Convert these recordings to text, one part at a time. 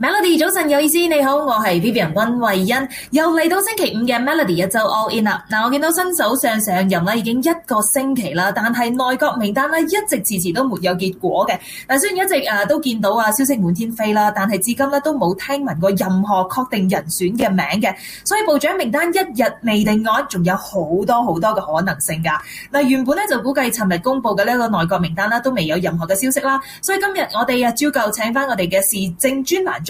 Melody 早晨，有意思，你好，我係 Vivian 溫慧欣，又嚟到星期五嘅 Melody 一周 All In 啦。嗱，我見到新首相上任啦，已經一個星期啦，但係內閣名單咧一直遲遲都沒有結果嘅。嗱，雖然一直啊都見到啊消息滿天飛啦，但係至今咧都冇聽聞過任何確定人選嘅名嘅，所以部長名單一日未定案，仲有好多好多嘅可能性噶。嗱，原本咧就估計尋日公布嘅呢個內閣名單啦，都未有任何嘅消息啦，所以今日我哋照舊就夠請翻我哋嘅時政專欄。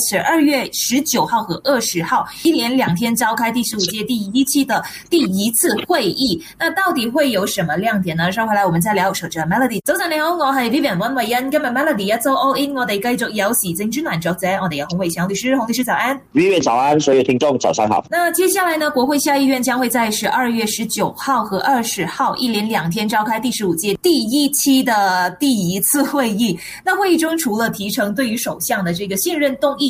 十二月十九號和二十號一連兩天召開第十五屆第一期的第一次會議，那到底會有什麼亮點呢？稍後啦，我們再聊。早上 Melody，走走。你好，我係 Vivian 溫慧欣。今日 Melody 一周 All In，我哋繼續有時政專欄作者，我哋有洪偉翔，洪律師，洪律師早安。Vivian 早安，所有聽眾早上好。那接下來呢？國會下議院將會在十二月十九號和二十號一連兩天召開第十五屆第一，第一期的第一次會議。那會議中除了提呈對於首相的這個信任動議。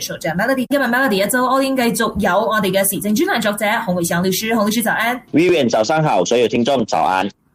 首有 Melody 今日 Melody 一周 All In，我哋繼續有我哋嘅時政專欄作者洪偉祥律師，洪律師早安。Vivian 早上好，所有聽眾早安。